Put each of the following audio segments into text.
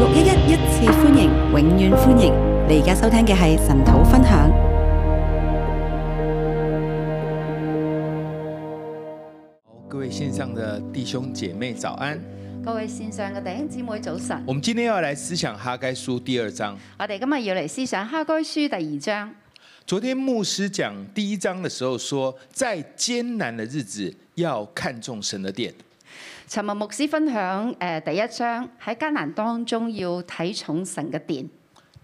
六一一一次歡迎，永遠歡迎！你而家收聽嘅係神土分享。各位線上嘅弟兄姐妹早安，各位線上嘅弟兄姊妹早晨。我們今天要來思想哈該書第二章。我哋今日要嚟思想哈該書第二章。昨天牧師講第一章嘅時候說，說再艱難的日子，要看重神的殿。尋日牧師分享，誒，第一章喺艱難當中要睇重神嘅殿。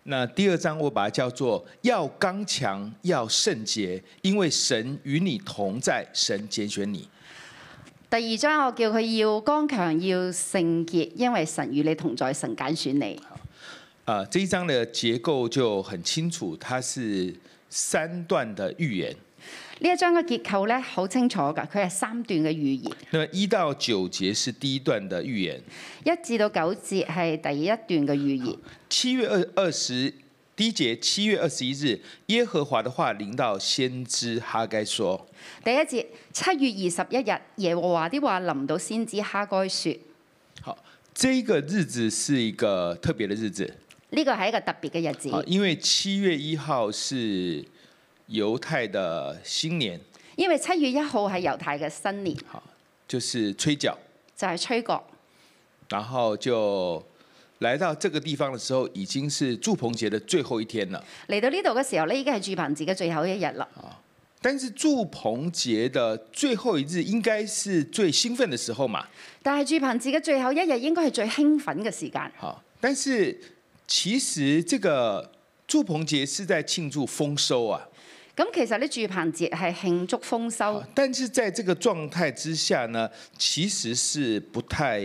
那第二章我把它叫做要剛強要聖潔，因為神與你同在，神揀選你。第二章我叫佢要剛強要聖潔，因為神與你同在，神揀選你。啊，這一章嘅結構就很清楚，它是三段的預言。呢一章嘅結構咧，好清楚嘅，佢係三段嘅預言。一到九節是第一段嘅預言，一至到九節係第一段嘅預言。七月二二十第一節，七月二十一日，耶和華的話臨到先知哈該說。第一節，七月二十一日，耶和華啲話臨到先知哈該説。好，呢個日子是一個特別嘅日子。呢個係一個特別嘅日子，因為七月一號是猶太的新年，因為七月一號係猶太嘅新年，好，就是吹角，就係吹角，然後就來到這個地方嘅時候，已經是祝棚節嘅最後一天啦。嚟到呢度嘅時候呢，已經係祝棚節嘅最後一日啦。但是祝棚節嘅最後一日應該是最興奮嘅時候嘛？但係祝棚節嘅最後一日應該係最興奮嘅時間。好，但是其實這個祝棚節是在慶祝豐收啊。咁其實咧，住棚節係慶祝豐收。但是，在這個狀態之下呢，其實是不太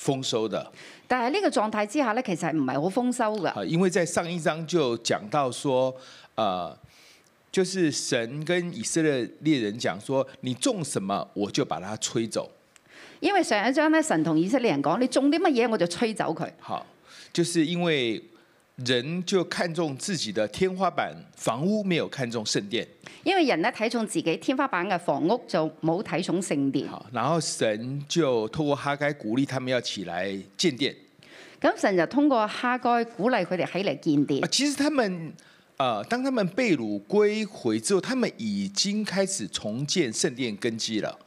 豐收的。但係呢個狀態之下呢，其實係唔係好豐收噶？因為在上一章就講到說，呃、就是神跟以色列人講說：你種什麼，我就把它吹走。因為上一章咧，神同以色列人講：你種啲乜嘢，我就吹走佢。好，就是因為。人就看中自己的天花板房屋，沒有看中聖殿。因為人咧睇中自己天花板嘅房屋，就冇睇重聖殿。然後神就通過哈該鼓勵他們要起來建殿。咁神就通過哈該鼓勵佢哋起嚟建殿。啊，其實他們。啊，當他們被擄歸回之後，他們已經開始重建聖殿根基了。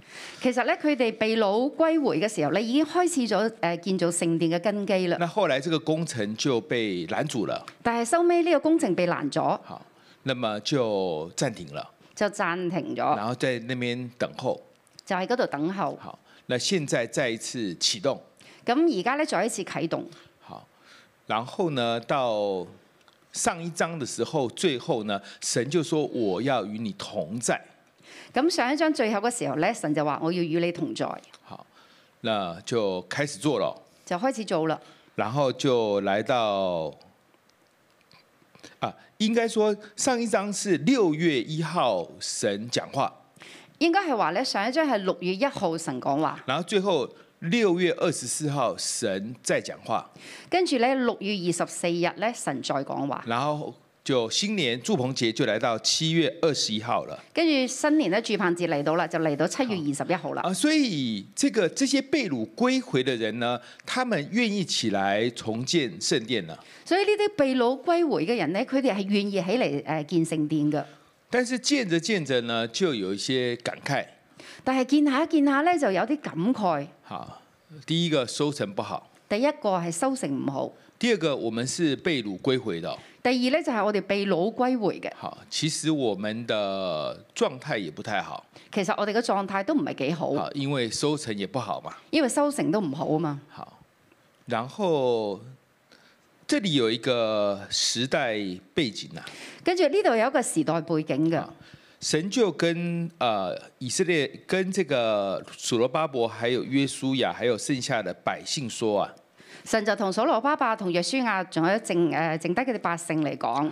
其實呢，佢哋被擄歸回嘅時候，你已經開始咗誒建造聖殿嘅根基啦。那後來，這個工程就被攔阻了。但係收尾呢個工程被攔咗。好，那麼就暫停了，就暫停咗，然後在那邊等候，就喺嗰度等候。好，那現在再一次啟動。咁而家呢，再一次啟動。好，然後呢到。上一章的時候，最後呢，神就說我要與你同在。咁上一章最後嘅時候呢，神就話我要與你同在。好，那就開始做了，就開始做啦。然後就來到啊，應該說上一章是六月一號神講話，應該係話呢。上一章係六月一號神講話。然後最後。六月二十四號神在講話，跟住咧六月二十四日咧神在講話，然後就新年住棚節就嚟到七月二十一號了，跟住新年咧住棚節嚟到啦，就嚟到七月二十一號啦。啊，所以這個這些被擄歸回的人呢，他們願意起來重建聖殿啦。所以呢啲被擄歸回嘅人呢，佢哋係願意起嚟誒、呃、建聖殿嘅。但是建着建着呢，就有一些感慨。但係見下見下咧，就有啲感慨。嚇，第一個收成不好。第一個係收成唔好。第二個，我們是被擄歸回的。第二咧，就係我哋被擄歸回嘅。好，其實我們的狀態也不太好。其實我哋嘅狀態都唔係幾好。因為收成也不好嘛。因為收成都唔好啊嘛。好，然後，這裡有一個時代背景啊。跟住呢度有一個時代背景㗎。神就跟啊、呃、以色列跟這個所羅巴伯還有約書亞還有剩下的百姓說啊，神就同所羅巴伯同約書亞仲有剩誒剩低嗰啲百姓嚟講。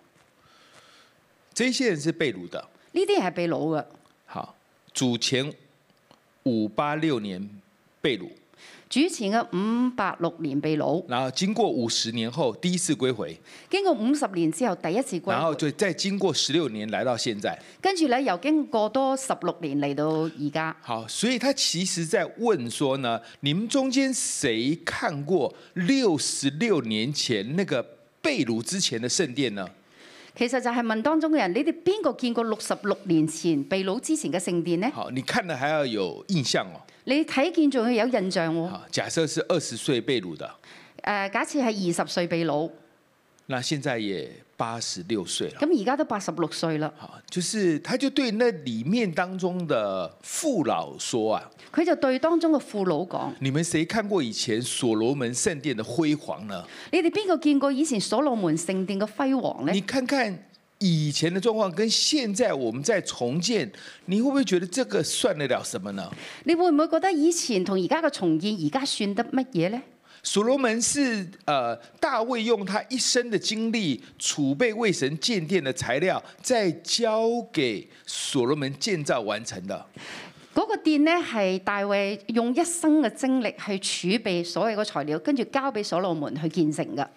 呢啲人是被擄的，呢啲係被擄嘅。好，主前五八六年被擄，主前嘅五八六年被擄，然後經過五十年後第一次歸回，經過五十年之後第一次歸回，然後就再經過十六年來到現在，跟住呢，又經過多十六年嚟到而家。好，所以他其實在問說呢，你們中間誰看過六十六年前那個被擄之前的聖殿呢？其實就係問當中嘅人，你哋邊個見過六十六年前被擄之前嘅聖殿呢？好，你看了還要有印象哦。你睇見仲要有印象喎，哦。假設是二十歲被擄的。呃、假設係二十歲被擄。那現在也八十六歲啦。咁而家都八十六歲啦。好，就是，他就對那裏面當中的父老說啊。佢就對當中嘅父老講。你們誰看過以前所羅門聖殿的輝煌呢？你哋邊個見過以前所羅門聖殿嘅輝煌呢？你看看以前嘅狀況，跟現在我們在重建，你會不會覺得這個算得了什麼呢？你會唔會覺得以前同而家嘅重建，而家算得乜嘢呢？」所羅門是，大衛用他一生的精力儲備為神建殿的材料，再交給所羅門建造完成的。嗰個殿呢係大衛用一生嘅精力去儲備所有嘅材料，跟住交俾所羅門去建成嘅。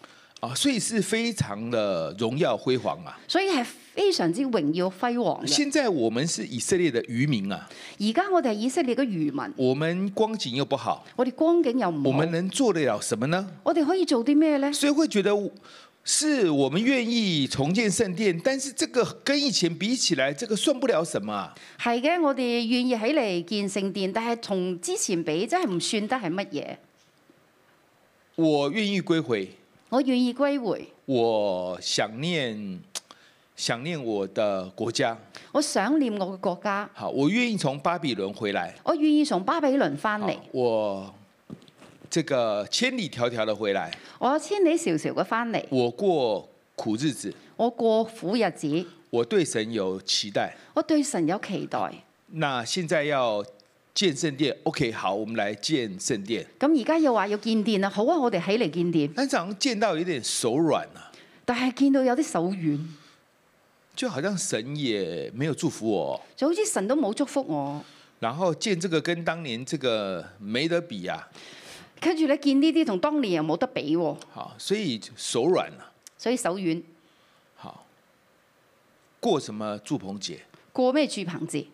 所以是非常的榮耀輝煌啊！所以係。非常之榮耀輝煌。現在我們是以色列的漁民啊！而家我哋係以色列嘅漁民。我們光景又不好。我哋光景又唔好。我們能做得了什麼呢？我哋可以做啲咩呢？所以會覺得是我們願意重建聖殿，但是這個跟以前比起來，這個算不了什麼。係嘅，我哋願意喺嚟建聖殿，但係同之前比，真係唔算得係乜嘢。我願意歸回。我願意歸回。我想念。我想念我的國家，我想念我嘅國家。好，我願意從巴比倫回來。我願意從巴比倫翻嚟。我這個千里迢迢的回來。我千里迢迢嘅翻嚟。我過苦日子。我過苦日子。我對神有期待。我對神有期待。那現在要建聖殿。OK，好，我們來建聖殿。咁而家又話要建殿啦。好啊，我哋起嚟建殿。但係好像見到有點手軟啊。但係見到有啲手軟。就好像神也沒有祝福我，就好似神都冇祝福我。然後見這個跟當年這個沒得比啊，跟住呢見呢啲同當年又冇得比。好，所以手軟啊，所以手軟。好，過什麼住棚節？過咩住棚節？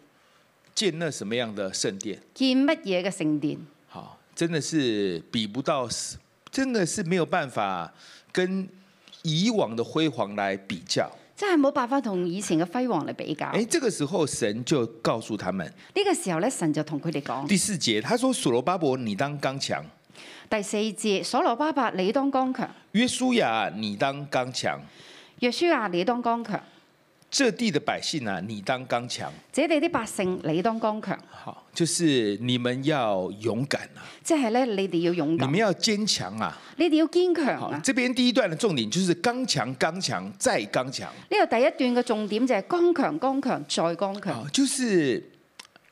建那什麼樣的聖殿？建乜嘢嘅聖殿？好，真的是比不到，真的是沒有辦法跟以往的輝煌來比較。真係冇辦法同以前嘅輝煌嚟比較。誒，這個時候神就告訴他們，呢個時候咧，神就同佢哋講，第四節，他說，所羅巴伯你當剛強。第四節，所羅巴伯你當剛強。約書亞你當剛強。約書亞你當剛強。這地的百姓啊，你當剛強；這地的百姓，你當剛強。好，就是你們要勇敢啦、啊。即係咧，你哋要勇敢。你們要堅強啊！你哋要堅強啊！好，呢邊第一段嘅重點就是剛強、剛強再剛強。呢、這個第一段嘅重點就係剛強、剛強再剛強。好，就是。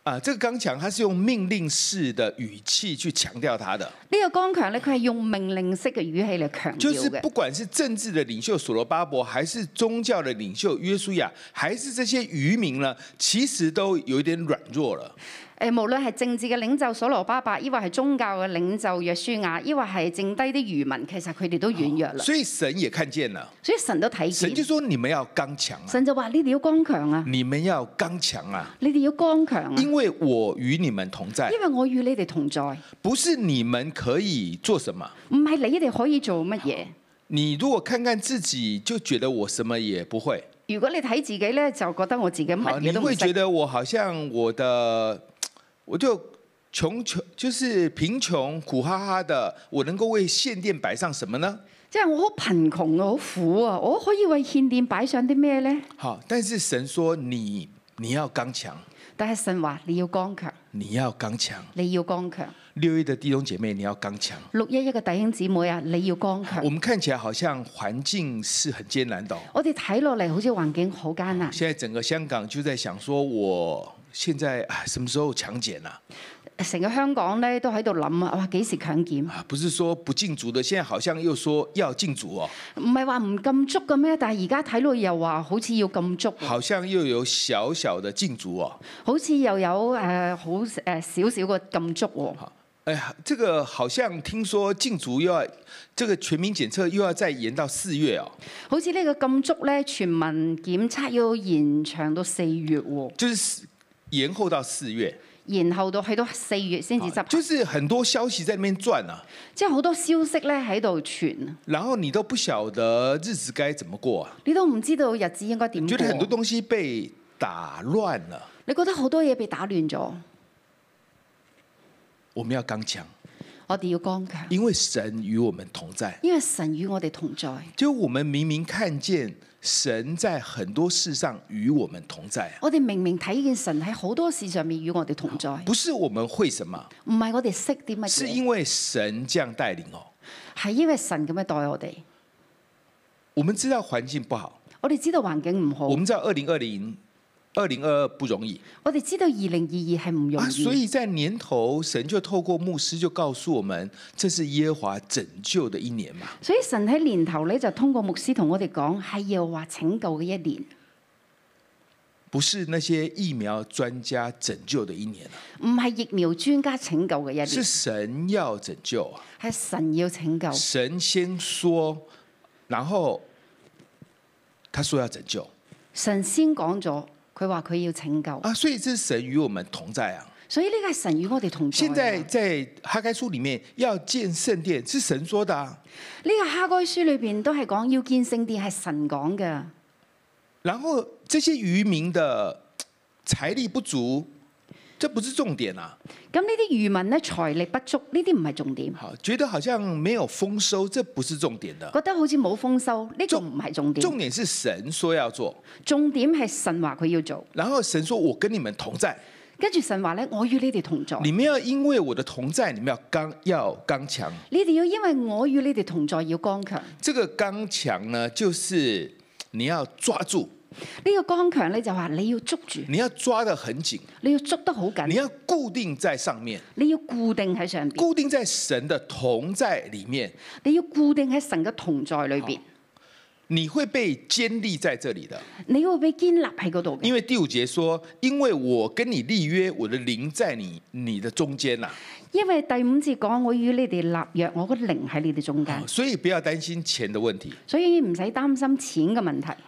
啊！這個剛強，他是用命令式的語氣去強調他的。呢個剛強咧，佢係用命令式嘅語氣嚟強調。就是不管是政治的領袖所羅巴伯，還是宗教的領袖約書亞，還是這些漁民呢，其實都有一點軟弱了。誒，無論係政治嘅領袖所羅巴伯，伯，抑或係宗教嘅領袖約書亞，抑或係剩低啲漁民，其實佢哋都軟弱啦，哦。所以神也看見啦。所以神都睇見。神就說：你們要剛強啊！神就話：你哋要剛強啊！你們要剛強啊！你哋要剛強啊！因為我與你們同在。因為我與你哋同在。不是你們可以做什麼？唔係你哋可以做乜嘢？你如果看看自己，就覺得我什麼也不會。如果你睇自己咧，就覺得我自己乜嘢都唔識。你會覺得我好像我的？我就窮窮，就是貧窮苦哈哈的，我能夠為獻殿擺上什麼呢？即係我好貧窮，我好苦啊，我可以為獻殿擺上啲咩咧？好，但是神說你你要剛強。但係神話你要剛強，你要剛強，你要剛強。六一的弟兄姐妹你要剛強，六一一個弟兄姊妹啊你要剛強。我們看起來好像環境是很艱難的，我哋睇落嚟好似環境好艱難。現在整個香港就在想說我。現在啊，什麼時候強檢啊？成個香港咧都喺度諗啊，哇，幾時強檢啊？不是說不禁足的，現在好像又說要禁足哦。唔係話唔禁足嘅咩？但係而家睇落又話好似要禁足，哦。好像又有小小的禁足哦。好似又有誒、呃、好誒少少嘅禁足，哦。呀、哎，這個好像聽說禁足又要，這個全民檢測又要再延到四月啊、哦？好似呢個禁足咧，全民檢測要延長到四月，哦。就是。延後到四月，延後到喺度四月先至執，就是很多消息在那邊轉啊！即係好多消息咧喺度傳，然後你都不曉得日子該怎麼過，你都唔知道日子應該點。你覺得很多東西被打亂了，你覺得好多嘢被打亂咗，我們要剛強，我哋要剛強，因為神與我們同在，因為神與我哋同在，就我們明明看見。神在很多事上與我們同在，我哋明明睇見神喺好多事上面與我哋同在，不是我們會什麼？唔係我哋識點乜嘢？是因為神這樣帶領哦，係因為神咁樣帶我哋。我們知道環境不好，我哋知道環境唔好，我們知道二零二零。二零二二不容易，我哋知道二零二二係唔容易，啊，所以在年頭，神就透過牧師就告訴我們，這是耶和華拯救的一年嘛。所以神喺年頭呢就通過牧師同我哋講，係耶和華拯救嘅一年，不是那些疫苗專家拯救嘅一年啊，唔係疫苗專家拯救嘅一年，是神要拯救啊，係神要拯救，神先說，然後他說要拯救，神先講咗。佢話佢要拯救啊，所以這是神與我們同在啊。所以呢個係神與我哋同在啊。現在在哈該書裏面要建聖殿，是神說的啊。呢個哈該書裏邊都係講要建聖殿，係神講嘅啊。然後這些漁民的財力不足，這不是重點啊。咁呢啲漁民呢，財力不足，呢啲唔係重點。好，覺得好像沒有豐收，這不是重點的。覺得好似冇豐收，呢個唔係重點。重點是神說要做。重點係神話佢要做。然後神說我跟你們同在。跟住神話咧，我與你哋同在。你們要因為我的同在，你們要剛要剛強。你哋要因為我與你哋同在，要剛強。這個剛強呢，就是你要抓住。呢、這個剛強咧，就話你要捉住，你要抓得很緊，你要捉得好緊，你要固定在上面，你要固定喺上邊，固定在神的同在裏面，你要固定喺神嘅同在裏邊，哦，你會被建立在這裏的，你會被建立喺嗰度。因為第五節說，因為我跟你立約，我的靈在你你的中間啦。因為第五節講，我與你哋立約，我嘅靈喺你哋中間，哦，所以不要擔心錢的問題，所以唔使擔心錢嘅問題。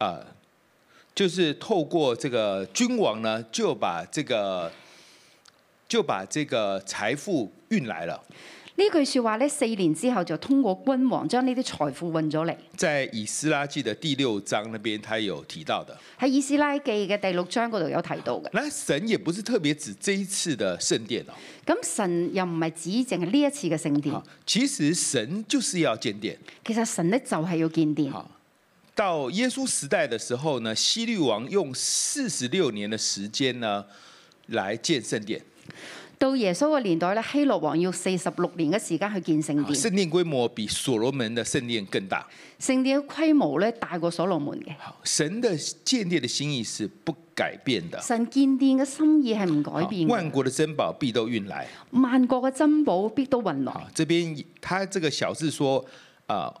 啊，就是透過這個君王呢，就把這個就把這個財富運來了。呢句說話呢，四年之後就通過君王將呢啲財富運咗嚟。在以斯拉記的第六章那邊，他有提到的。喺以斯拉記嘅第六章嗰度有提到嘅。那神也不是特別指這一次的聖殿咯、哦。咁神又唔係指淨係呢一次嘅聖殿，殿。其實神就是要建殿。其實神呢，就係要建殿。到耶穌時代的時候呢，希律王用四十六年的時間呢，來建聖殿。到耶穌的年代呢，希羅王要四十六年嘅時間去建聖殿。聖殿規模比所羅門的聖殿更大。聖殿嘅規模呢，大過所羅門嘅。神的建殿的心意是不改變的。神建殿嘅心意係唔改變。萬國的珍寶必都運來。萬國嘅珍寶必都運來。這邊他這個小字說啊。呃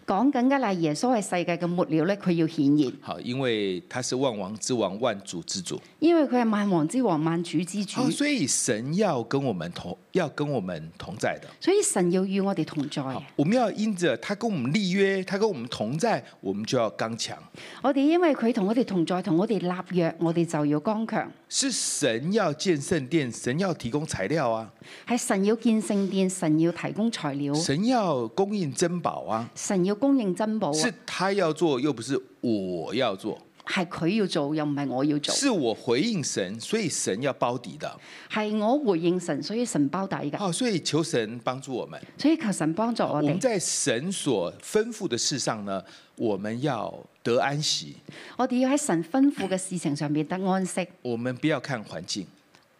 講緊嘅係耶穌係世界嘅末了咧，佢要顯現。好，因為他是萬王之王、萬主之主。因為佢係萬王之王、萬主之主。哦，所以神要跟我們同，要跟我們同在的。所以神要與我哋同在。我們要因着他跟我們立約，他跟我們同在，我們就要剛強。我哋因為佢同我哋同在，同我哋立約，我哋就要剛強。是神要建聖殿，神要提供材料啊。係神要建聖殿，神要提供材料啊，神要供應珍寶啊。神要供應珍寶，是他要做，又不是我要做；係佢要做，又唔係我要做。是我回應神，所以神要包底的。係我回應神，所以神包底嘅。哦，所以求神幫助我們。所以求神幫助我哋。我們在神所吩咐的事上呢，我們要得安息。我哋要喺神吩咐嘅事情上面得安息。我們不要看環境。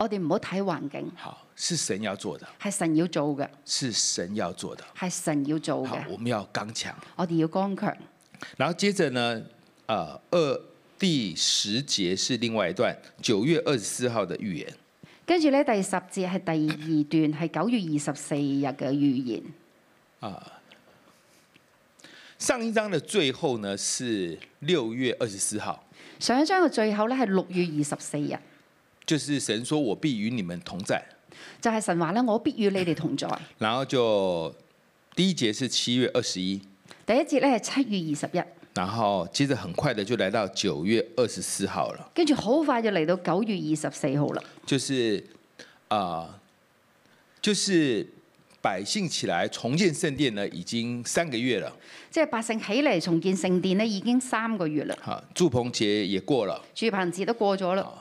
我哋唔好睇環境。好，是神要做的。係神要做嘅。是神要做的。係神要做嘅。好，我們要剛強。我哋要剛強。然後接着呢，啊、呃，二第十節是另外一段，九月二十四號的預言。跟住咧，第十節係第二段，係九月二十四日嘅預言。啊、呃，上一章嘅最後呢，是六月二十四號。上一章嘅最後咧，係六月二十四日。就是神說我必與你們同在，就係神話呢。我必與你哋同在。然後就第一節是七月二十一，第一節呢係七月二十一。然後接着很快的就來到九月二十四號了，跟住好快就嚟到九月二十四號啦。就是啊，就是百姓起來重建聖殿呢，已經三個月了。即係百姓起嚟重建聖殿呢，已經三個月啦。好，住棚節也過了，住棚節都過咗啦。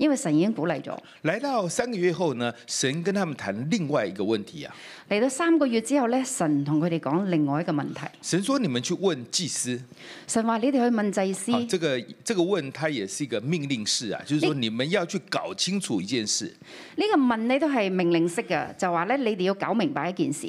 因為神已經鼓勵咗。來到三個月後呢，神跟他們談另外一個問題啊。嚟到三個月之後呢，神同佢哋講另外一個問題。神說：你們去問祭司。神話你哋去問祭司。這個這個問，他也是一個命令式啊，就是說你們要去搞清楚一件事。呢個問你都係命令式噶，就話咧你哋要搞明白一件事。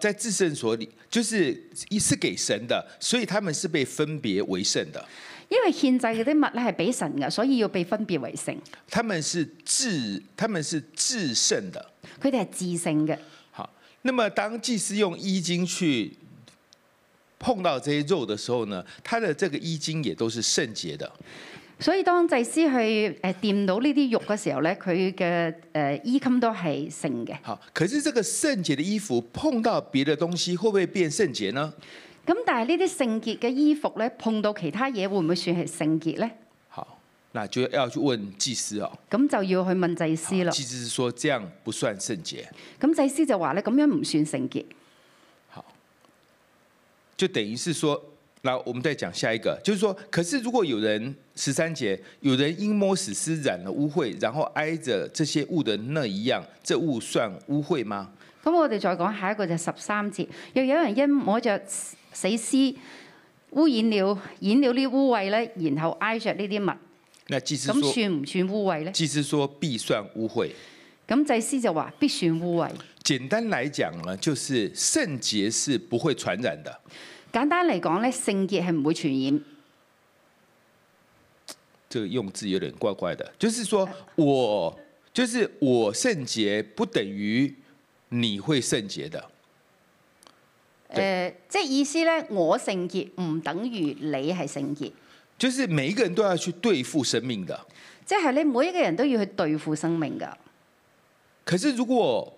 在至聖所裏，就是一是給神的，所以他們是被分別為聖的。因為獻祭嗰啲物咧係俾神嘅，所以要被分別為聖。他們是至，他們是至聖的。佢哋係至聖的。好，那麼當祭司用衣襟去碰到這些肉的時候呢，他的這個衣襟也都是聖潔的。所以當祭司去誒掂到呢啲肉嘅時候咧，佢嘅誒衣襟都係聖嘅。好，可是這個聖潔嘅衣服碰到別的東西，會唔會變聖潔呢？咁但係呢啲聖潔嘅衣服咧，碰到其他嘢會唔會算係聖潔咧？好，嗱就要去問祭司哦。咁就要去問祭司囉。祭司，說，祭司就說：這樣不算聖潔。咁祭司就話咧：咁樣唔算聖潔。好，就等於是說。那我們再講下一個，就是說，可是如果有人十三節，有人因摸死屍染了污穢，然後挨着這些物的那一樣，這物算污穢嗎？咁我哋再講下一個就十三節，又有人因摸着死屍污染了染了呢啲污穢咧，然後挨着呢啲物，咁算唔算污穢咧？祭司說必算污穢。咁祭司就話必算污穢。簡單來講呢，就是聖潔是不會傳染的。簡單嚟講咧，聖潔係唔會傳染。這個用字有點怪怪的，就是說我，呃、就是我聖潔，不等於你會聖潔的。誒、呃，即係意思咧，我聖潔唔等於你係聖潔。就是每一個人都要去對付生命的，即係你每一個人都要去對付生命噶。可是如果。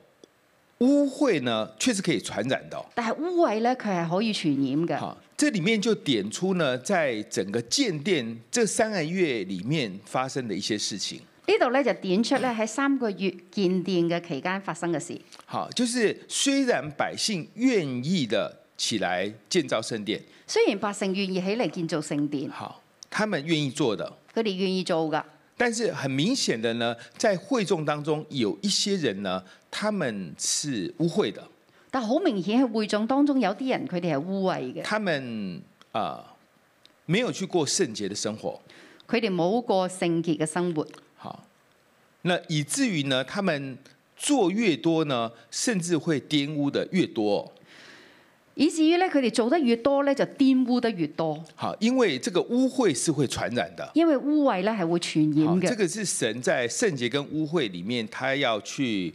污穢呢，確實可以傳染到，哦。但係污穢呢，佢係可以傳染嘅。好，這裏面就點出呢，在整個建殿這三個月裏面發生的一些事情。這呢度咧就點出咧喺三個月建殿嘅期間發生嘅事。好，就是雖然百姓願意的起來建造聖殿，雖然百姓願意起嚟建造聖殿，好，他們願意做的，佢哋願意做的。但是很明顯的呢，在會眾當中有一些人呢。他們是污穢的，但好明顯喺會眾當中有啲人佢哋係污穢嘅。他們啊、呃，沒有去過聖潔的生活，佢哋冇過聖潔嘅生活。好，那以至於呢，他們做越多呢，甚至會玷污得越多。以至於呢，佢哋做得越多呢，就玷污得越多。好，因為這個污穢是會傳染的，因為污穢呢係會傳染嘅。這個是神在聖潔跟污穢裏面，他要去。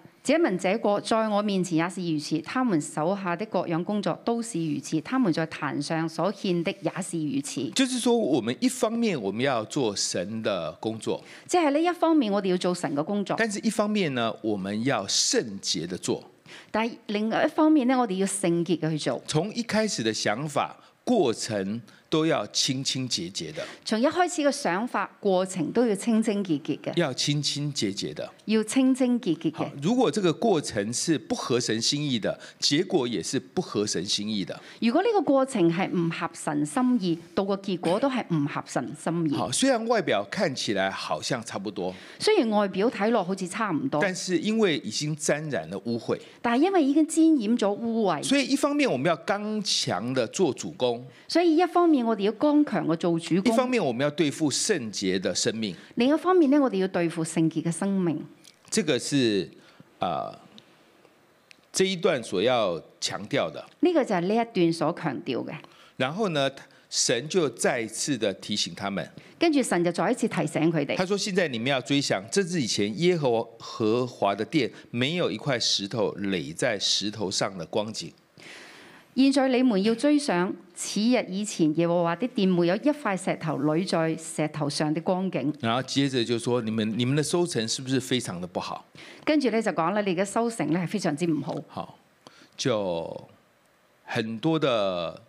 這民這國在我面前也是如此，他們手下的各樣工作都是如此，他們在壇上所獻的也是如此。就是說，我們一方面我們要做神的工作，即係呢一方面我哋要做神嘅工作。但係一方面呢，我們要聖潔的做。但係另外一方面呢，我哋要聖潔嘅去做。從一開始的想法，過程。都要清清潔潔的，從一開始嘅想法過程都要清清潔潔嘅，要清清潔潔的，要清清潔潔嘅。如果這個過程是不合神心意的，結果也是不合神心意的。如果呢個過程係唔合神心意，到個結果都係唔合神心意。好，雖然外表看起來好像差不多，雖然外表睇落好似差唔多，但是因為已經沾染了污穢，但係因為已經沾染咗污穢，所以一方面我們要剛強的做主工；所以一方面。我哋要剛強嘅做主。一方面，我們要對付聖潔的生命；另一方面咧，我哋要對付聖潔嘅生命。這個是啊、呃，這一段所要強調的。呢、這個就係呢一段所強調嘅。然後呢，神就再一次的提醒他們。跟住神就再一次提醒佢哋，他說：現在你們要追想，這是以前耶和和華的殿，沒有一塊石頭壘在石頭上的光景。現在你們要追想此日以前耶和華啲殿沒有一塊石頭壘在石頭上的光景。然後接着就說：你們你們的收成是不是非常的不好？跟住咧就講咧，你嘅收成咧係非常之唔好。好，就很多的，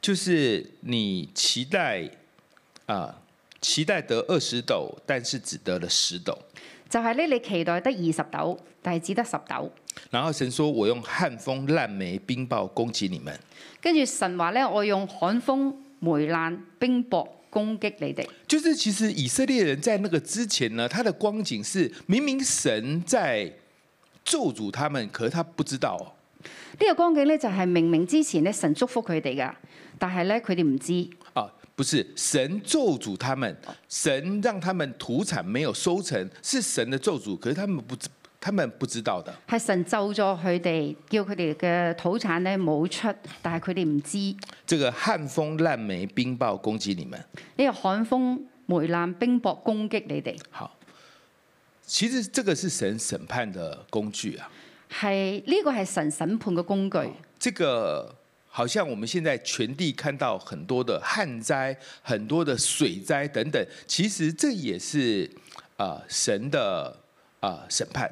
就是你期待啊。期待得二十斗，但是只得了十斗。就係咧，你期待得二十斗，但係只得十斗。然後神說我用旱風、爛梅、冰雹攻擊你們。跟住神話咧，我用旱風、梅爛、冰雹攻擊你哋。就是其實以色列人在那個之前呢，他的光景是明明神在咒詛他們，可是他不知道。呢、這個光景呢就係明明之前呢神祝福佢哋噶，但係呢佢哋唔知。不是神咒詛他們，神讓他們土產沒有收成，是神的咒詛，可是他們不，他們不知道的。係神咒咗佢哋，叫佢哋嘅土產呢冇出，但係佢哋唔知，這個漢。這個旱風、爛梅、冰雹攻擊你們？呢個旱風、梅爛、冰雹攻擊你哋。好，其實這個是神審判的工具啊。係呢，這個係神審判嘅工具。這個。好像我們現在全地看到很多的旱災，很多的水災等等，其實這也是，呃、神的啊，呃、審判。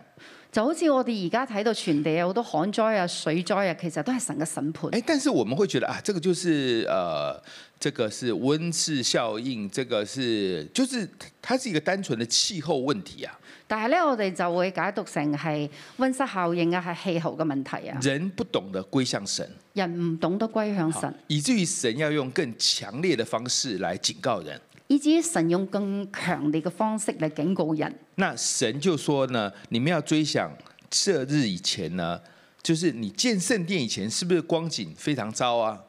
就好似我哋而家睇到全地有好多旱災啊，水災啊，其實都係神嘅審判。欸，但是我們會覺得啊，這個就是，呃、這個是温室效應，這個是就是它是一個單純的氣候問題啊。但係咧，我哋就會解讀成係溫室效應啊，係氣候嘅問題啊。人不懂得歸向神，人唔懂得歸向神，以至於神要用更強烈嘅方式嚟警告人，以至於神用更強烈嘅方式嚟警告人。那神就說呢，你們要追想此日以前呢，就是你建聖殿以前，是不是光景非常糟啊？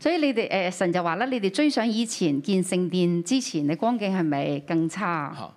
所以你哋誒、呃，神就話啦，你哋追想以前建聖殿之前，你光景係咪更差？好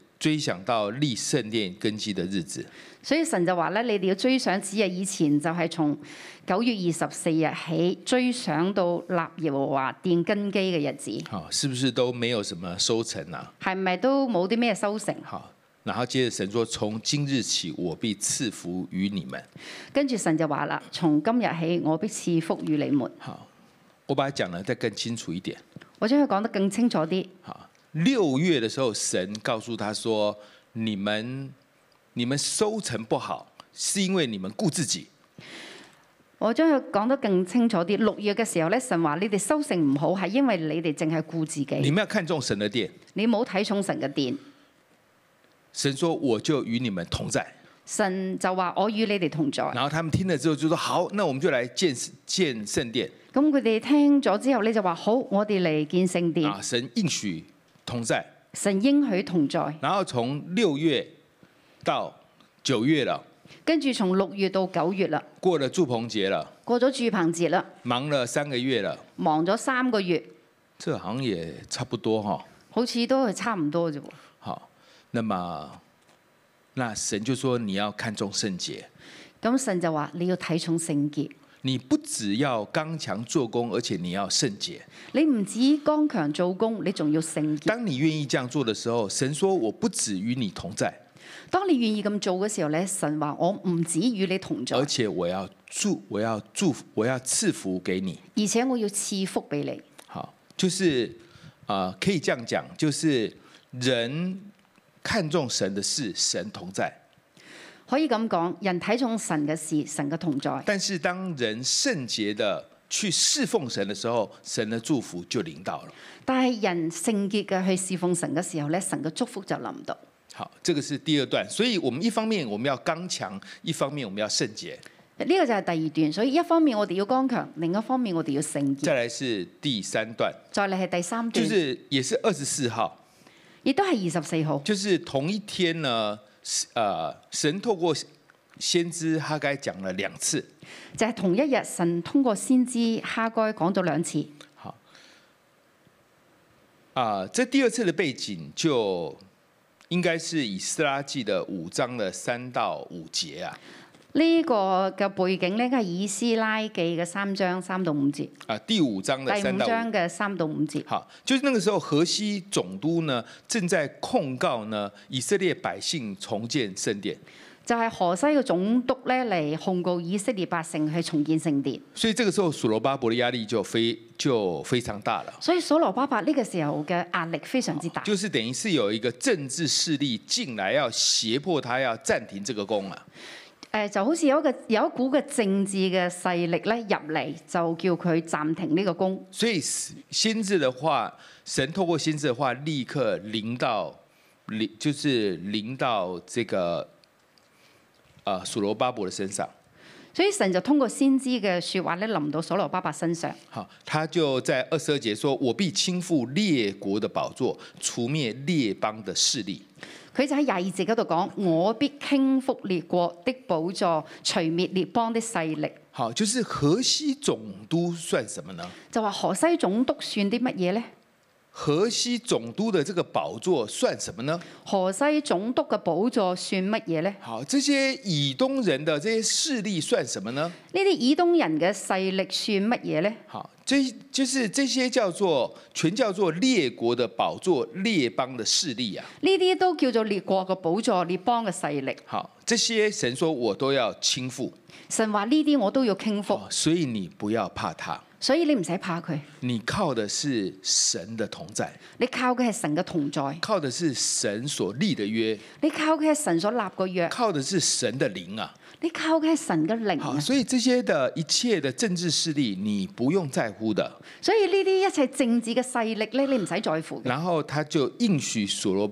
追想到立聖殿根基的日子，所以神就話咧：，你哋要追想，此日以前就係從九月二十四日起，追想到立耶和華殿根基嘅日子。好，是不是都沒有什麼收成啊？係咪都冇啲咩收成？好，然後接着神說：，從今日起，我必賜福於你們。跟住神就話啦：，從今日起，我必賜福於你們。好，我把它講得再更清楚一點。我將佢講得更清楚啲。好。六月的時候，神告訴他說：你們你們收成不好，是因為你們顧自己。我將要講得更清楚啲。六月嘅時候咧，神話你哋收成唔好，係因為你哋淨係顧自己。你們要看中神嘅殿，你冇睇重神嘅殿。神說：我就與你們同在。神就話：我與你哋同在。然後他們聽了之後就說：好，那我們就來建建聖殿。咁佢哋聽咗之後，你就話：好，我哋嚟建聖殿。啊，神應許。同在，神應許同在。然後從六月到九月啦，跟住從六月到九月啦，過了住棚節啦，過咗住棚節啦，忙了三個月啦，忙咗三個月，這行也差不多哈，好似都係差唔多啫。好，那麼那神就說你要看重聖潔，咁神就話你要睇重聖潔。你不只要剛強做工，而且你要聖潔。你唔止剛強做工，你仲要聖潔。當你願意這樣做的時候，神說我不止與你同在。當你願意咁做嘅時候咧，神話我唔止與你同在。而且我要祝，我要祝福，我要賜福給你。而且我要賜福俾你。好，就是啊、呃，可以這樣講，就是人看重神的事，神同在。可以咁講，人睇重神嘅事，神嘅同在。但是當人聖潔的去侍奉神的時候，神的祝福就臨到了。但係人聖潔嘅去侍奉神嘅時候咧，神嘅祝福就臨到。好，這個是第二段，所以我們一方面我們要剛強，一方面我們要聖潔。呢個就係第二段，所以一方面我哋要剛強，另一方面我哋要聖潔。再來是第三段，再嚟係第三段，就是也是二十四號，亦都係二十四號，就是同一天呢。啊！神透過先知哈該講了兩次，就係同一日神通過先知哈該講咗兩次。好，啊，這第二次的背景就應該是以斯拉記的五章的三到五節啊。呢、這個嘅背景咧，應該係以斯拉記嘅三章三到五節。啊，第五章嘅三章嘅三到五節。好，就是那個時候，河西總督呢正在控告呢以色列百姓重建聖殿。就係、是、河西嘅總督咧嚟控告以色列百姓去重建聖殿。所以，這個時候索羅巴伯嘅壓力就非就非常大了。所以，索羅巴伯呢個時候嘅壓力非常之大。就是等於是有一個政治勢力進來要脅迫他要暫停這個功啊。誒就好似有一個有一股嘅政治嘅勢力咧入嚟，就叫佢暫停呢個工。所以先知的話，神透過先知的話，立刻臨到臨，就是臨到這個啊所羅巴伯的身上。所以神就通過先知嘅説話咧臨到所羅巴伯身上。好，他就在二十二節說：我必親赴列國的寶座，除滅列邦的勢力。佢就喺廿二節嗰度講：我必傾覆列國的寶座，除滅列邦的勢力。好，就是西就河西總督算什麼呢？就話河西總督算啲乜嘢咧？河西總督的這個寶座算什麼呢？河西總督嘅寶座算乜嘢呢？好，這些以東人的這些勢力算什麼呢？呢啲以東人嘅勢力算乜嘢呢？好，即係就是這些叫做全叫做列國嘅寶座、列邦嘅勢力啊？呢啲都叫做列國嘅寶座、列邦嘅勢力。好，這些神說我都要傾覆。神話呢啲我都要傾覆。哦，所以你不要怕他。所以你唔使怕佢。你靠的是神的同在。你靠嘅係神嘅同在。靠的是神所立的約。你靠嘅係神所立個約。靠的是神的靈啊！你靠嘅係神嘅靈啊！所以這些的一切的政治勢力，你不用在乎的。所以呢啲一切政治嘅勢力咧，你唔使在乎。然後他就應許所羅。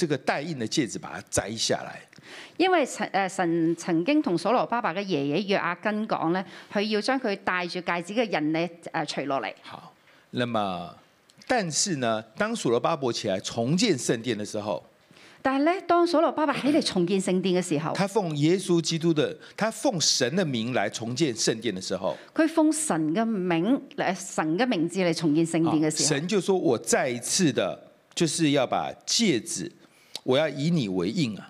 這個帶印的戒指，把它摘下來。因為神誒，神曾經同所羅巴伯嘅爺爺約阿根講咧，佢要將佢戴住戒指嘅人嚟誒除落嚟。好，那麼但是呢，當所羅巴伯起來重建聖殿的時候，但係咧，當所羅巴伯喺嚟重建聖殿嘅時候，他奉耶穌基督的，他奉神嘅名來重建聖殿嘅時候，佢奉神嘅名嚟神嘅名字嚟重建聖殿嘅時候，神就說，我再一次的，就是要把戒指。我要以你為印啊！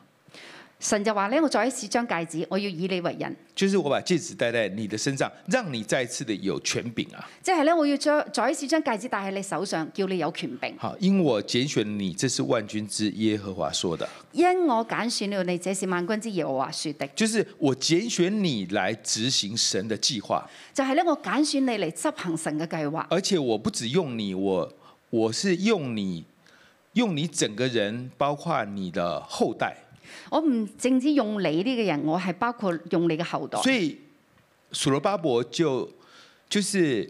神就話咧，我再一次將戒指，我要以你為印。」就是我把戒指戴在你的身上，讓你再次的有權柄啊！即係咧，我要將再一次將戒指戴喺你手上，叫你有權柄。好，因我揀選你，這是萬軍之耶和華說的。因我揀選了你，這是萬軍之耶和華說的。就是我揀選你來執行神的計劃。就係咧，我揀選你嚟執行神嘅計劃。而且我不止用你，我我是用你。用你整個人，包括你的後代。我唔淨止用你呢個人，我係包括用你嘅後代。所以所羅巴伯就就是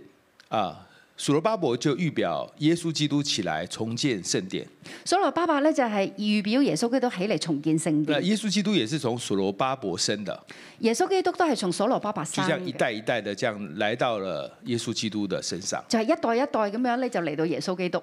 啊，所羅巴伯就預表耶穌基督起來重建聖殿。所羅巴伯呢，就係預表耶穌基督起嚟重建聖殿。那耶穌基督也是從所羅巴伯生的。耶穌基督都係從所羅巴伯生。就像一代一代的，這樣來到了耶穌基督的身上。就係、是、一代一代咁樣咧，就嚟到耶穌基督。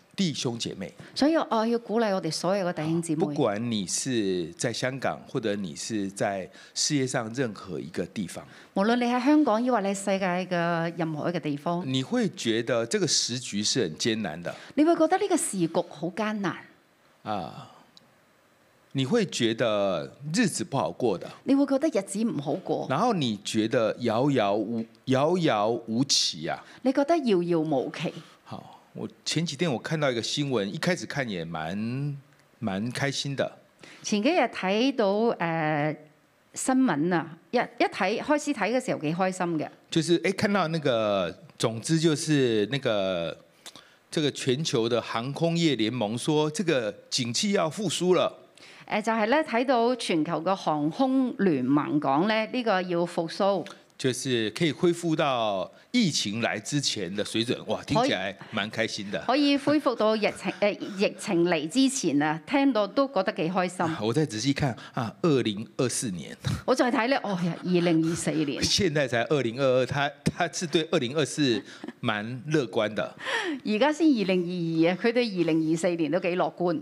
弟兄姐妹，所以我要鼓勵我哋所有嘅弟兄姐妹、啊。不管你是在香港，或者你是在世界上任何一個地方，無論你喺香港，亦或你喺世界嘅任何一個地方，你會覺得這個時局是很艱難的。你會覺得呢個時局好艱難啊！你會覺得日子不好過的。你會覺得日子唔好過，然後你覺得遙遙無遙遙無期啊，你覺得遙遙無期。我前幾天我看到一個新聞，一開始看也蠻蠻開心的。前幾日睇到誒、呃、新聞啊，一一睇開始睇嘅時候幾開心嘅。就是誒、欸、看到那個，總之就是那個這個全球的航空業聯盟，說這個景氣要復甦了。誒、呃、就係咧睇到全球嘅航空聯盟講咧呢、呢個要復甦。就是可以恢復到疫情來之前的水準，哇！聽起來蠻開心的。可以，可以恢復到疫情誒、呃、疫情嚟之前啊，聽到都覺得幾開心。我再仔細看啊，二零二四年。我再睇咧，哦、哎、呀，二零二四年。現在才二零二二，他他是對二零二四蠻樂觀的。而家先二零二二啊，佢對二零二四年都幾樂觀。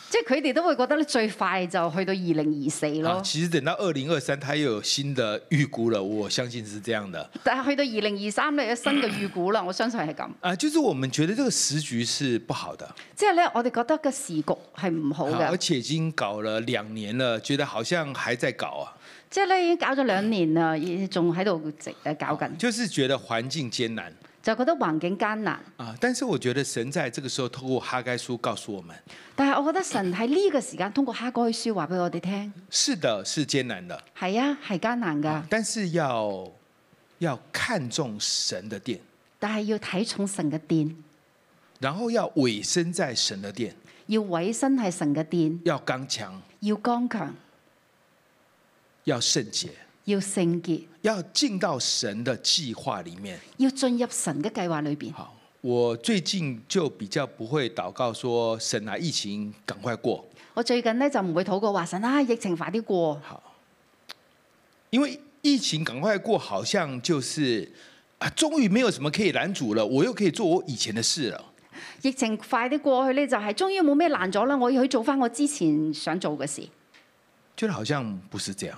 即係佢哋都會覺得咧，最快就去到二零二四咯。其實等到二零二三，他又有新的預估了，我相信是這樣的。但係去到二零二三咧，你有新嘅預估啦，我相信係咁。啊，就是我們覺得呢個時局是不好的。即係咧，我哋覺得個時局係唔好嘅。而且已經搞了兩年了，覺得好像還在搞啊。即係咧，已經搞咗兩年啦，而仲喺度直係搞緊。就是覺得環境艱難。就覺得環境艱難。啊，但是我覺得神在這個時候通過哈該書告訴我們。但係我覺得神喺呢個時間通過哈該書話俾我哋聽。是的，是的是、啊，是艱難的。係啊，係艱難噶。但是要要看重神的殿。但係要睇重神嘅殿。然後要委身在神的殿。要委身喺神嘅殿。要剛強。要剛強。要聖潔。要聖潔，要進到神的計劃裏面，要進入神嘅計劃裏邊。好，我最近就比較不會禱告，說神啊，疫情趕快過。我最近呢，就唔會禱告話神啊，疫情快啲過。好，因為疫情趕快過，好像就是啊，終於沒有什麼可以攔阻了，我又可以做我以前的事了。疫情快啲過去呢，就是，就係終於冇咩難咗啦，我要去做翻我之前想做嘅事。覺得好像不是這樣。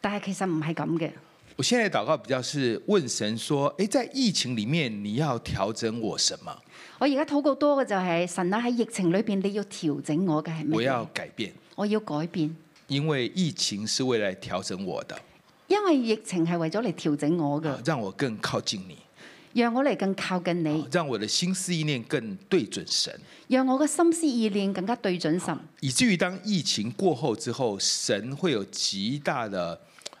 但係其實唔係咁嘅。我現在禱告比較是問神說：誒、哎，在疫情裏面你要調整我什麼？我而家禱告多嘅就係、是、神啊！喺疫情裏邊你要調整我嘅係咩？我要改變。我要改變。因為疫情是為嚟調整我的。因為疫情係為咗嚟調整我嘅，讓我更靠近你，讓我嚟更靠近你，讓我的心思意念更對準神，讓我嘅心思意念更加對準神。以至於當疫情過後之後，神會有極大的。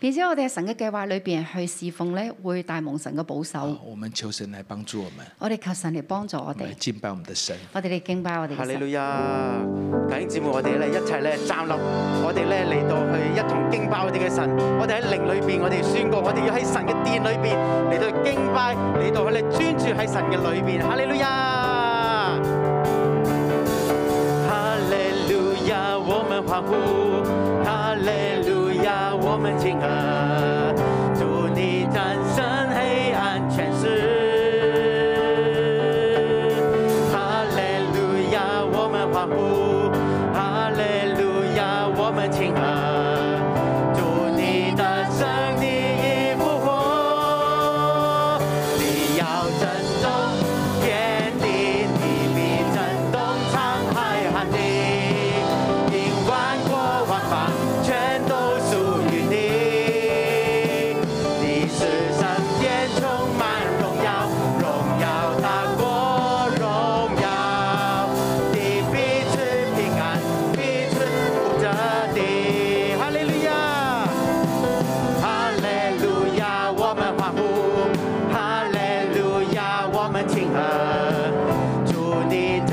並且我哋喺神嘅計劃裏邊去侍奉咧，會帶蒙神嘅保守。我們求神來幫助我們。我哋求神嚟幫助我哋。敬拜我們的神。我哋嚟敬拜我哋。哈利路亞，弟兄姊妹，我哋咧一齊咧站立，我哋咧嚟到去一同敬拜我哋嘅神。我哋喺靈裏邊，我哋要宣告，我哋要喺神嘅殿裏邊嚟到敬拜，嚟到我哋專注喺神嘅裏邊。哈利路亞，哈利路亞，我們歡呼。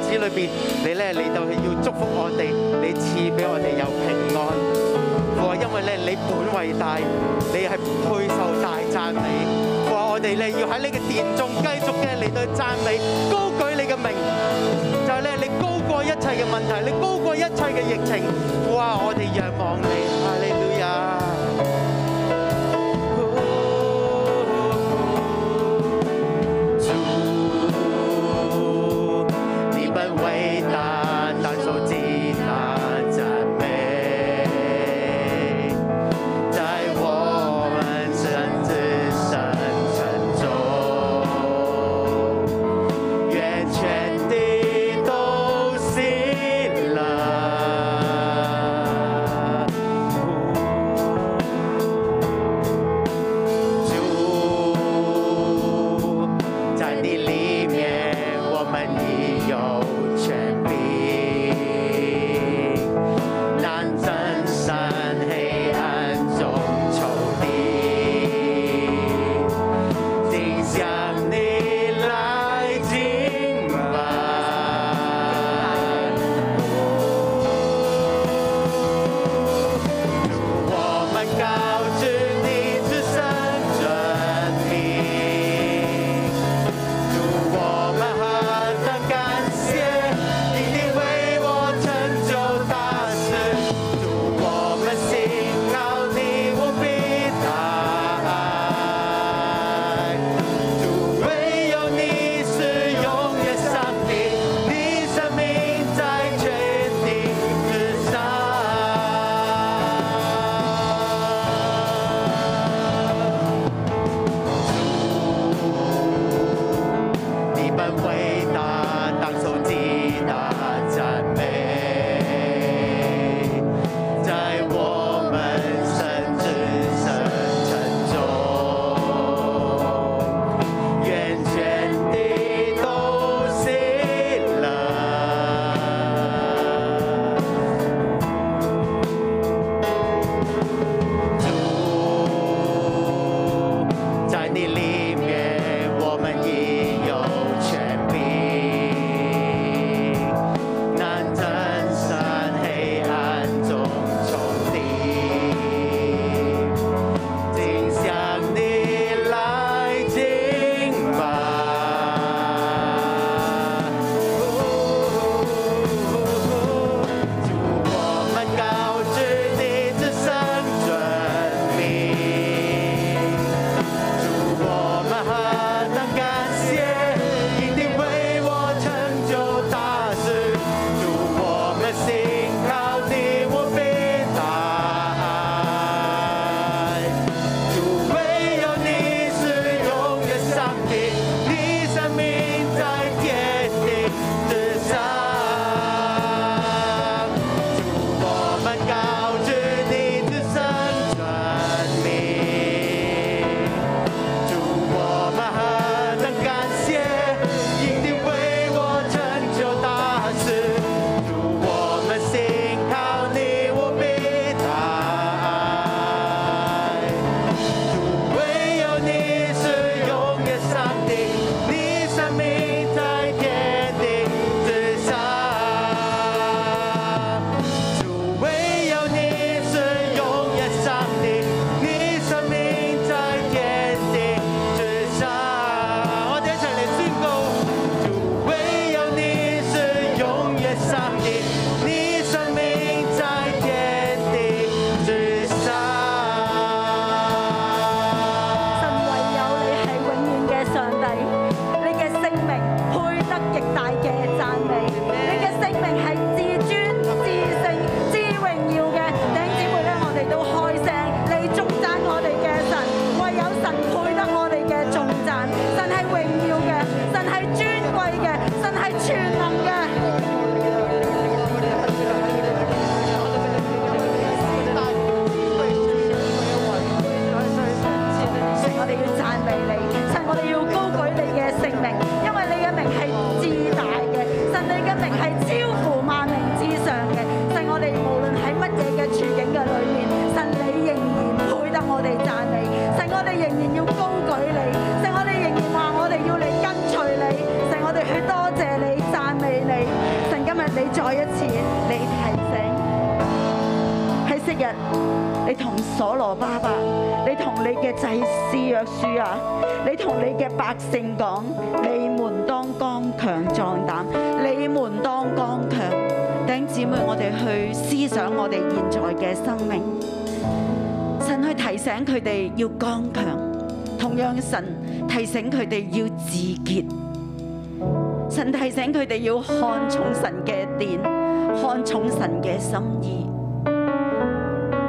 子裏邊，你咧，你就要祝福我哋，你賜俾我哋有平安。哇，因為咧，你本為大，你係配受大讚美。哇，我哋咧要喺呢個殿中繼續嘅嚟對讚美，高舉你嘅名。就係咧，你高過一切嘅問題，你高過一切嘅疫情。哇，我哋仰望你啊，你！佢哋要自潔，神提醒佢哋要看重神嘅殿，看重神嘅心意。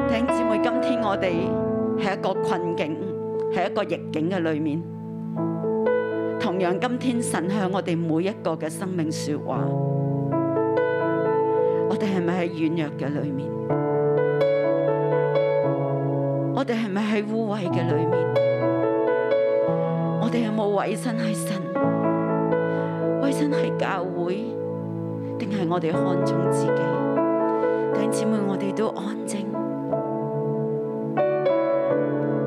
弟兄姊妹，今天我哋係一個困境，係一個逆境嘅裏面。同樣，今天神向我哋每一個嘅生命說話，我哋係咪喺軟弱嘅裏面？委身係神，委身係教會，定係我哋看重自己？請姊妹我哋都安靜，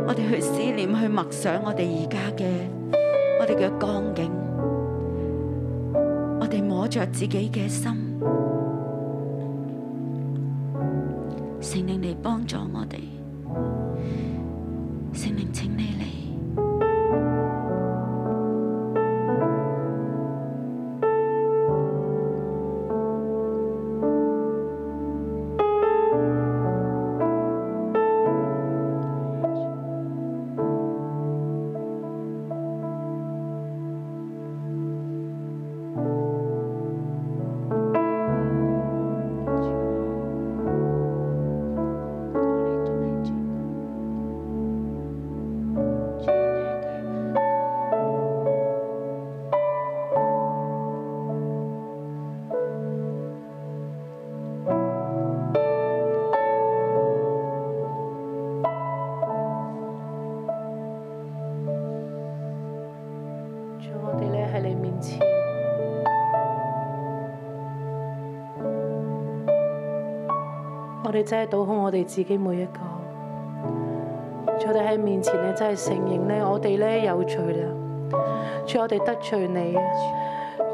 我哋去思念、去默想我哋而家嘅，我哋嘅光景，我哋摸着自己嘅心。真係倒好我哋自己每一個，我哋喺面前咧，真係承認咧，我哋咧有罪啦。主，我哋得罪你啊！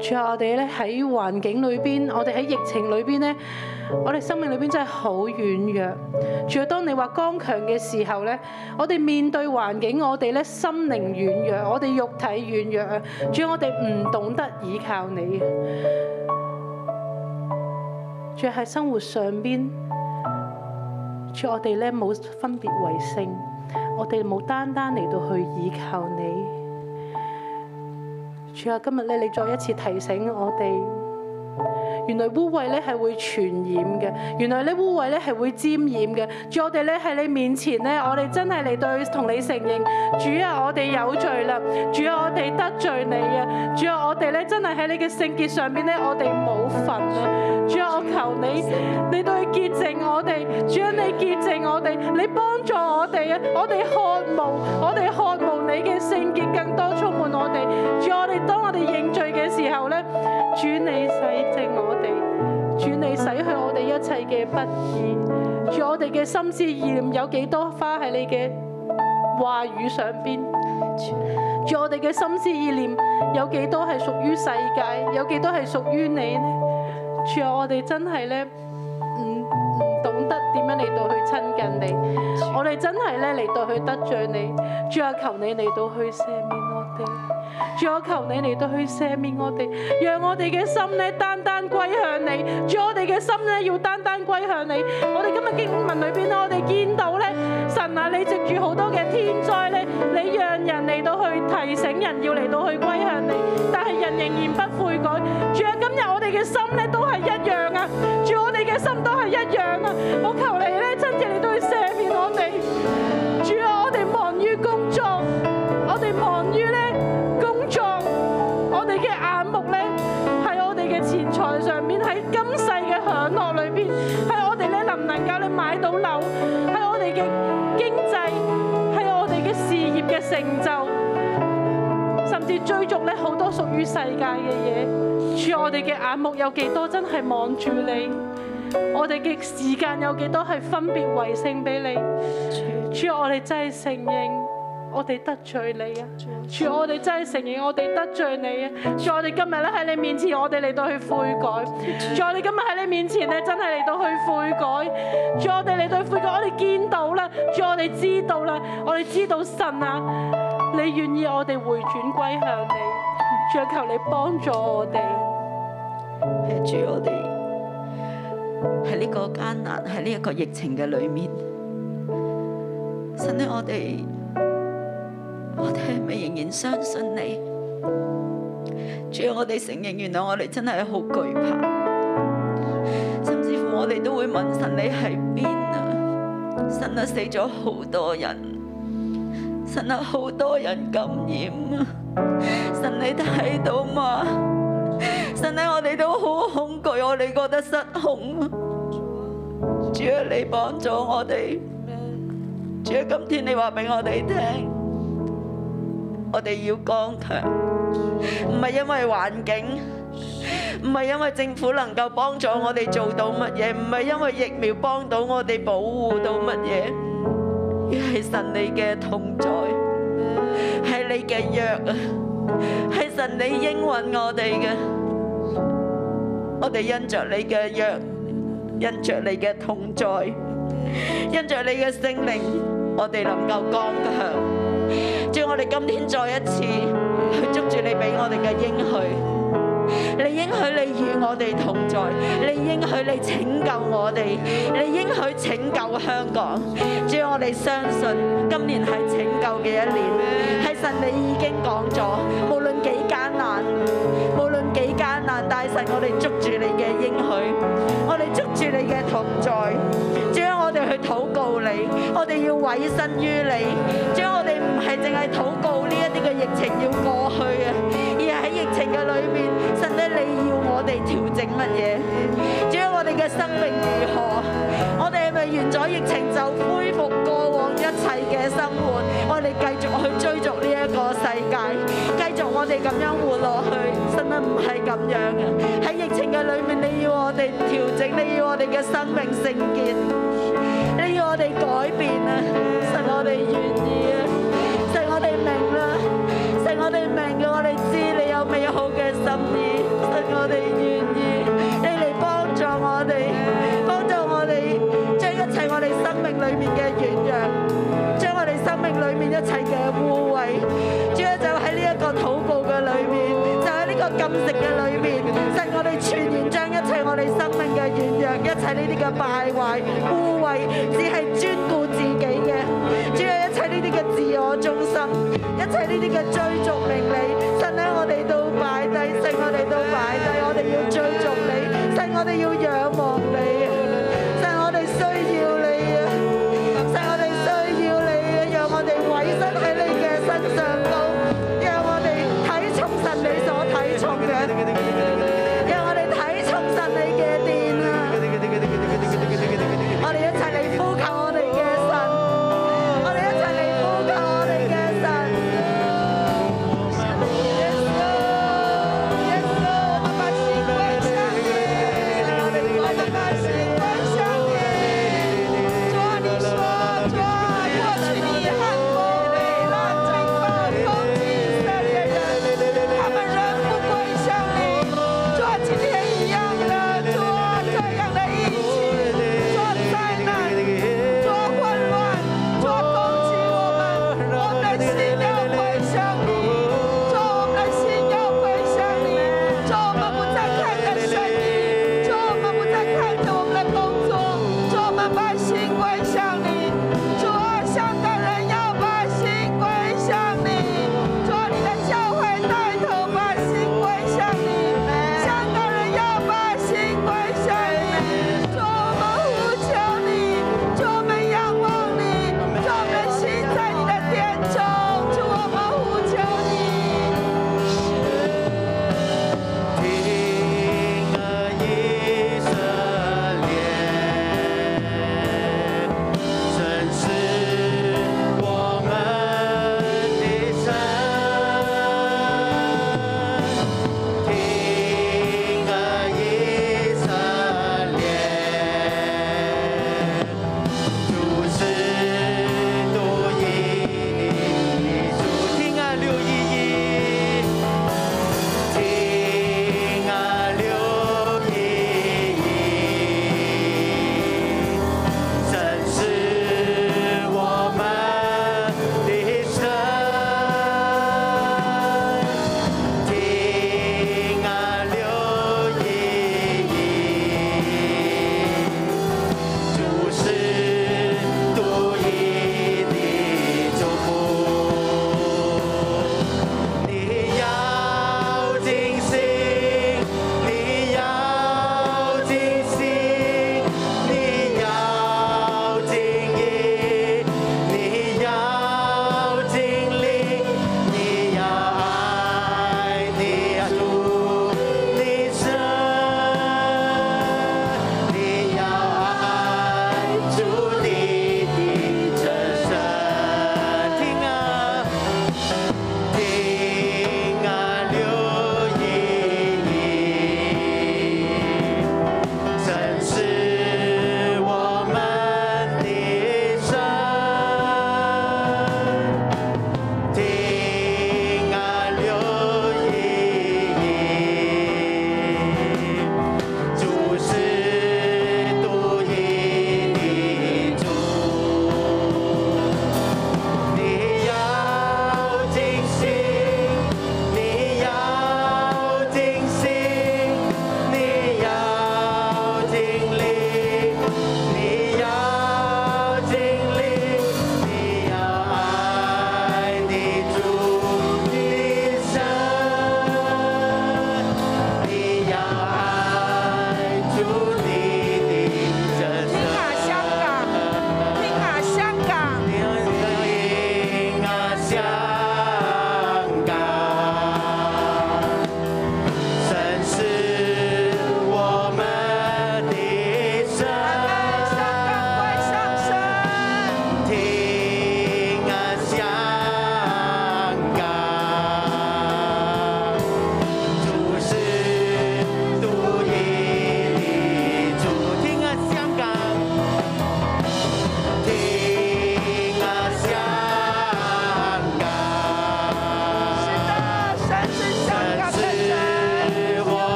主，我哋咧喺環境裏邊，我哋喺疫情裏邊咧，我哋生命裏邊真係好軟弱。仲主，當你話剛強嘅時候咧，我哋面對環境，我哋咧心靈軟弱，我哋肉體軟弱。仲主，我哋唔懂得依靠你啊！主，喺生活上邊。我哋咧冇分別為聖，我哋冇單單嚟到去倚靠你。主啊，今日咧，你再一次提醒我哋，原來污穢咧係會傳染嘅，原來呢污穢咧係會沾染嘅。主，我哋咧喺你面前咧，我哋真係嚟到同你承認，主啊，我哋有罪啦，主啊，我哋得罪你啊，主啊，我哋咧真係喺你嘅聖潔上邊咧，我哋冇份啊！主啊，求你，你都潔淨我哋，主啊，你潔淨我哋，你幫助我哋啊，我哋渴慕，我哋渴慕你嘅聖潔，更多充滿我哋。主我，我哋當我哋認罪嘅時候咧，主你洗淨我哋，主你洗去我哋一切嘅不義。主，我哋嘅心思意念有幾多花喺你嘅話語上面？主，主我哋嘅心思意念有幾多係屬於世界？有幾多係屬於你呢？如果我哋真係咧，唔唔懂得點樣嚟到去親近你。我哋真係咧嚟到去得罪你，主啊，求你嚟到去赦免我哋，主啊，求你嚟到去赦免我哋，讓我哋嘅心咧單單歸向你，主，我哋嘅心咧要單單歸向你。我哋今日經文裏邊咧，我哋見到咧神啊，你藉住好多嘅天災咧，你讓人嚟到去提醒人要嚟到去歸向你，但係人仍然不悔改。主啊，今日我哋嘅心咧都係一樣啊，主，我哋嘅心都係一樣啊，我求你。經濟係我哋嘅事業嘅成就，甚至追逐咧好多屬於世界嘅嘢。主，我哋嘅眼目有幾多真係望住你？我哋嘅時間有幾多係分別為聖俾你？主，我哋真係承認我哋得罪你啊！主，我哋真係承認我哋得罪你啊！主，我哋今日咧喺你面前，我哋嚟到去悔改。主，我哋今日喺你面前咧，真係嚟到去悔改。主，我哋。主我哋知道啦，我哋知道神啊，你願意我哋回轉歸向你，主求你幫助我哋，主我哋喺呢個艱難，喺呢一個疫情嘅裏面，神呢我哋，我哋係咪仍然相信你？主我哋承認，原來我哋真係好懼怕，甚至乎我哋都會問神你喺邊啊！神啊，死咗好多人，神啊，好多人感染啊，神你睇到嘛？神啊，我哋都好恐懼，我哋覺得失控啊，主啊，你幫咗我哋，主啊，今天你話俾我哋聽，我哋要剛強，唔係因為環境。唔係因為政府能夠幫助我哋做到乜嘢，唔係因為疫苗幫到我哋保護到乜嘢，而係神你嘅同在，係你嘅約啊，係神你應允我哋嘅。我哋因著你嘅約，因著你嘅同在，因著你嘅聖靈，我哋能夠剛強。叫我哋今天再一次去捉住你俾我哋嘅應許。你應許你與我哋同在，你應許你拯救我哋，你應許拯救香港。只要我哋相信，今年係拯救嘅一年，係神，你已經講咗，無論幾艱難。幾艱難，大神，我哋捉住你嘅應許，我哋捉住你嘅同在，將我哋去禱告你，我哋要委身於你，將我哋唔係淨係禱告呢一啲嘅疫情要過去啊，而係喺疫情嘅裏面，神得你要我哋調整乜嘢？將我哋嘅生命如何？我哋係咪完咗疫情就恢復過往一切嘅生活？我哋繼續去追逐呢一個世界，繼續我哋咁樣活落去？唔係咁樣啊！喺疫情嘅裏面，你要我哋調整，你要我哋嘅生命聖潔，你要我哋改變啊！神，我哋願意啊！神，我哋明啦！神，我哋明嘅，我哋知你有美好嘅心意。神，我哋願意你嚟幫助我哋，幫助我哋將一切我哋生命裏面嘅軟弱，將我哋生命裏面一切嘅污。食嘅裏面，使我哋全然將一切我哋生命嘅軟弱，一切呢啲嘅敗壞，污穢，只係專顧自己嘅，只係一切呢啲嘅自我中心，一切呢啲嘅追逐名利，使喺我哋都擺低，使我哋都擺低，我哋要追逐你，使我哋要養。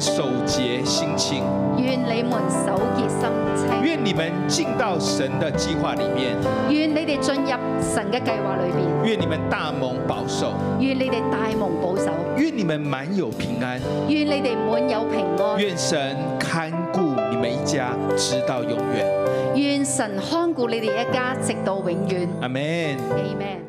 守潔心清，願你們守潔心清，願你們進到神的計劃裏面，願你哋進入神嘅計劃裏面。願你們大蒙保守，願你哋大蒙保守，願你們滿有平安，願你哋滿有平安，願神看顧你們一家直到永遠，願神看顧你哋一家直到永遠，阿門，阿門。